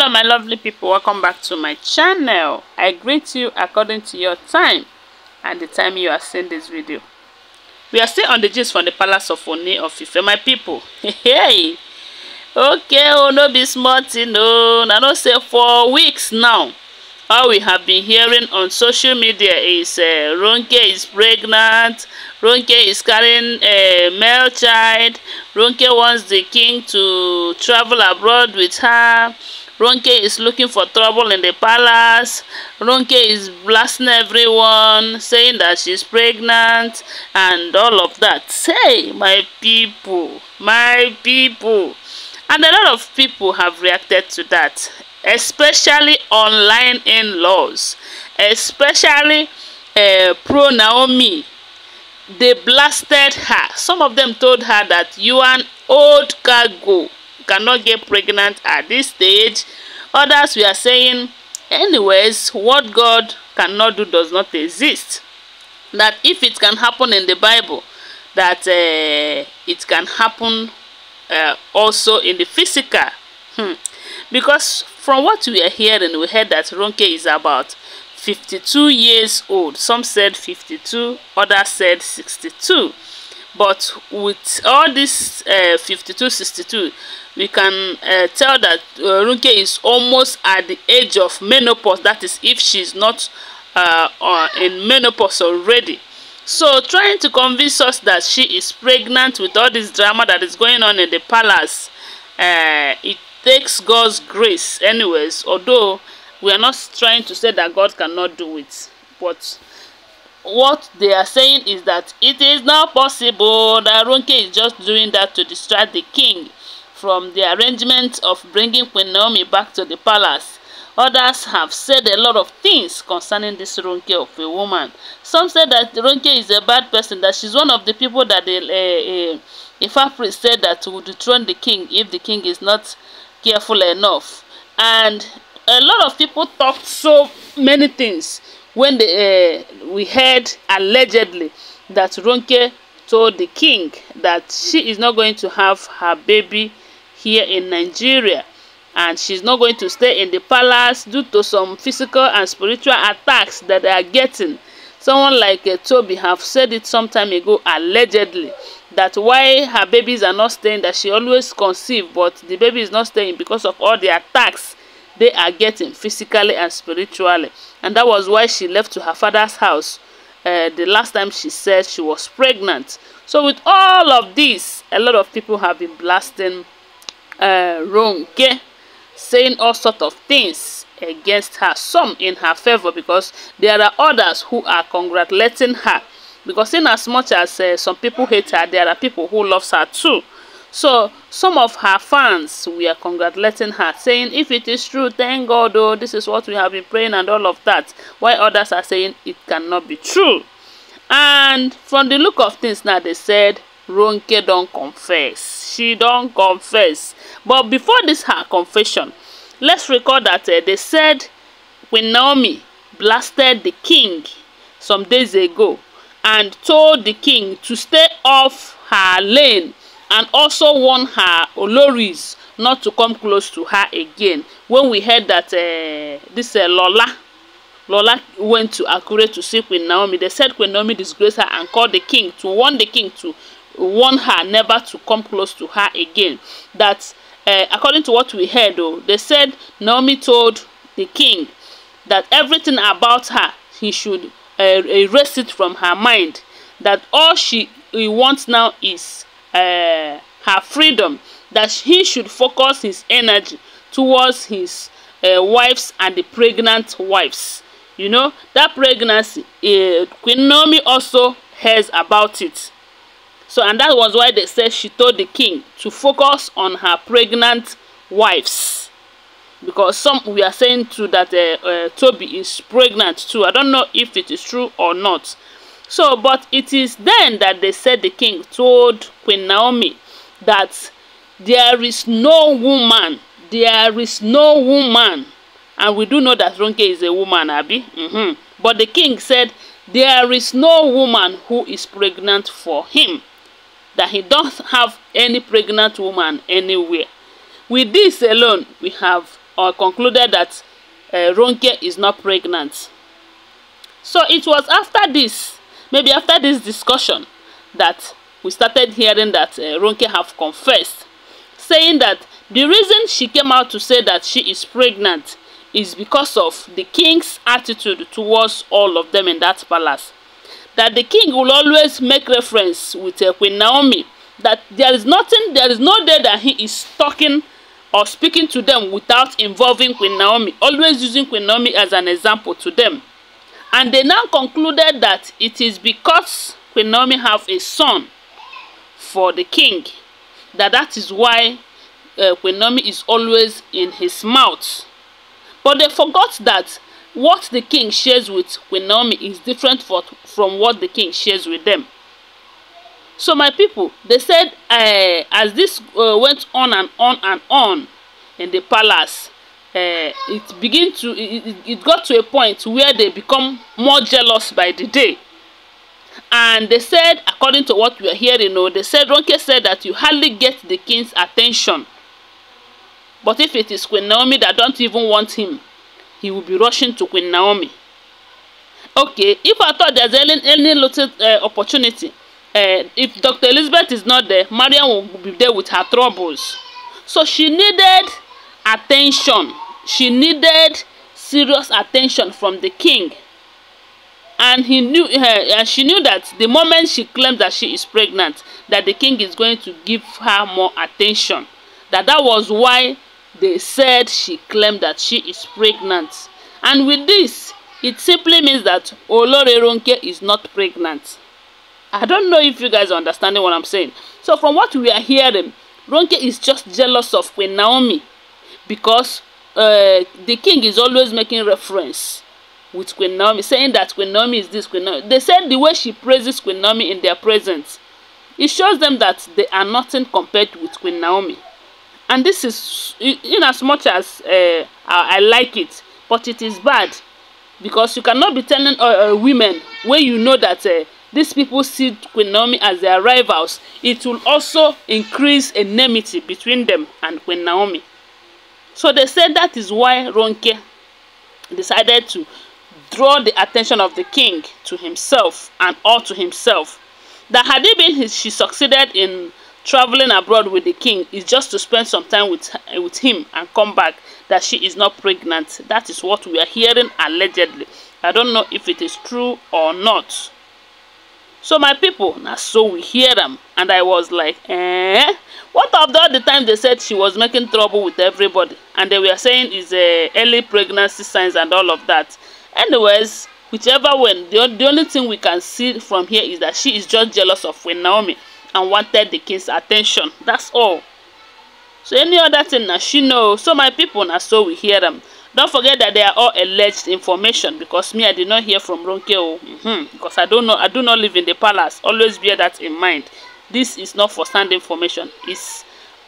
hello my lovely people welcome back to my channel i greet you according to your time and the time you are seeing this video we are still on the gist from the palace of Oni of Ife my people hey okay oh no be small thing no I don't say for weeks now all we have been hearing on social media is uh, Ronke is pregnant, Ronke is carrying a uh, male child, Ronke wants the king to travel abroad with her, Ronke is looking for trouble in the palace. Ronke is blasting everyone, saying that she's pregnant and all of that. Say, my people, my people. And a lot of people have reacted to that, especially online in-laws, especially uh, eh, pro-Naomi. They blasted her. Some of them told her that you are an old cargo cannot get pregnant at this stage. Others we are saying, anyways, what God cannot do does not exist. That if it can happen in the Bible, that uh, it can happen uh, also in the physical. Hmm. Because from what we are hearing, we heard that Ronke is about 52 years old. Some said 52, others said 62. But with all this uh, 52, 62, we can uh, tell that uh, Runke is almost at the age of menopause. That is, if she's not uh, uh, in menopause already. So, trying to convince us that she is pregnant with all this drama that is going on in the palace, uh, it takes God's grace, anyways. Although we are not trying to say that God cannot do it, but what they are saying is that it is not possible that Runke is just doing that to distract the king from the arrangement of bringing Queen Naomi back to the palace. Others have said a lot of things concerning this runke of a woman. Some said that Runke is a bad person, that she's one of the people that the uh, uh, Ifa priest said that would dethrone the king if the king is not careful enough. And a lot of people talked so many things when the, uh, we heard allegedly that Ronke told the king that she is not going to have her baby here in Nigeria and she's not going to stay in the palace due to some physical and spiritual attacks that they are getting. Someone like uh, Toby have said it some time ago allegedly that why her babies are not staying that she always conceive but the baby is not staying because of all the attacks they are getting physically and spiritually. And that was why she left to her father's house uh, the last time she said she was pregnant. So with all of this, a lot of people have been blasting uh, Ronke, saying all sort of things against her, some in her favor because there are others who are congratulating her. Because in as much as uh, some people hate her, there are people who loves her too. So some of her fans were congratulating her, saying, if it is true, thank God, oh, this is what we have been praying and all of that, while others are saying it cannot be true. And from the look of things now, they said, Ronke don't confess. She don't confess. But before this her confession, let's record that uh, they said when Naomi blasted the king some days ago and told the king to stay off her lane and also warn her Oloris not to come close to her again. When we heard that uh, this uh, Lola, Lola went to Akure to see Queen Naomi, they said Queen Naomi disgraced her and called the king to warn the king to warn her never to come close to her again. That uh, according to what we heard, though, they said Naomi told the king that everything about her he should uh, erase it from her mind. That all she wants now is uh, her freedom that he should focus his energy towards his uh, wives and the pregnant wives. You know, that pregnancy, uh, Queen Naomi also hears about it. So, and that was why they said she told the king to focus on her pregnant wives. Because some, we are saying too that uh, uh, Toby is pregnant too. I don't know if it is true or not. So, but it is then that they said the king told Queen Naomi that there is no woman, there is no woman, and we do know that Ronke is a woman, Abby. Mm-hmm. But the king said, There is no woman who is pregnant for him, that he doth have any pregnant woman anywhere. With this alone, we have uh, concluded that uh, Ronke is not pregnant. So it was after this Maybe after this discussion that we started hearing that uh, Ronke have confessed, saying that the reason she came out to say that she is pregnant is because of the king's attitude towards all of them in that palace. That the king will always make reference with uh, Queen Naomi, that there is nothing, there is no day that he is talking or speaking to them without involving Queen Naomi, always using Queen Naomi as an example to them. And they now concluded that it is because Queen Naomi have a son for the king that that is why uh, Queen Naomi is always in his mouth. But they forgot that what the king shares with Queen Naomi is different for, from what the king shares with them. So my people, they said uh, as this uh, went on and on and on in the palace, uh, it begin to it, it, got to a point where they become more jealous by the day and they said according to what we are hearing o oh, they said ronke said that you hardly get the king's attention but if it is queen naomi that don't even want him he will be rushing to queen naomi okay if I thought there's any any little uh, opportunity uh, if dr elizabeth is not there mariam will be there with her troubles so she needed attention. She needed serious attention from the king. And he knew uh, she knew that the moment she claimed that she is pregnant, that the king is going to give her more attention. That that was why they said she claimed that she is pregnant. And with this, it simply means that Olore Ronke is not pregnant. I don't know if you guys are understanding what I'm saying. So from what we are hearing, Ronke is just jealous of Queen Naomi because uh, the king is always making reference with Queen Naomi, saying that Queen Naomi is this Queen Naomi. They said the way she praises Queen Naomi in their presence, it shows them that they are nothing compared with Queen Naomi. And this is, in as much as uh, I like it, but it is bad because you cannot be telling uh, women when you know that these people see Queen Naomi as their rivals. It will also increase enmity between them and Queen Naomi. So they said that is why Ronke decided to draw the attention of the king to himself and all to himself. That had it been his, she succeeded in traveling abroad with the king is just to spend some time with, with him and come back that she is not pregnant. That is what we are hearing allegedly. I don't know if it is true or not. so my people, now so we hear them, and i was like eh what of all the time they said she was making trouble with everybody and they were saying is uh, eh, early pregnancy signs and all of that anyways whichever way the, the only thing we can see from here is that she is just jealous of when Naomi and wanted the king's attention that's all so any other thing now she know so my people now so we hear them. Don't forget that they are all alleged information because me, I did not hear from Ronke. Oh. mm-hmm, because I don't know, I do not live in the palace. Always bear that in mind. This is not for sand information. It's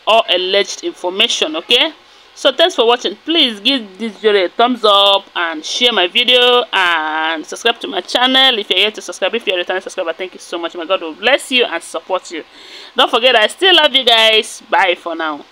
all alleged information, okay? So thanks for watching. Please give this video a thumbs up and share my video and subscribe to my channel if you're yet to subscribe. If you're a returning subscriber, thank you so much. My God will bless you and support you. Don't forget, I still love you guys. Bye for now.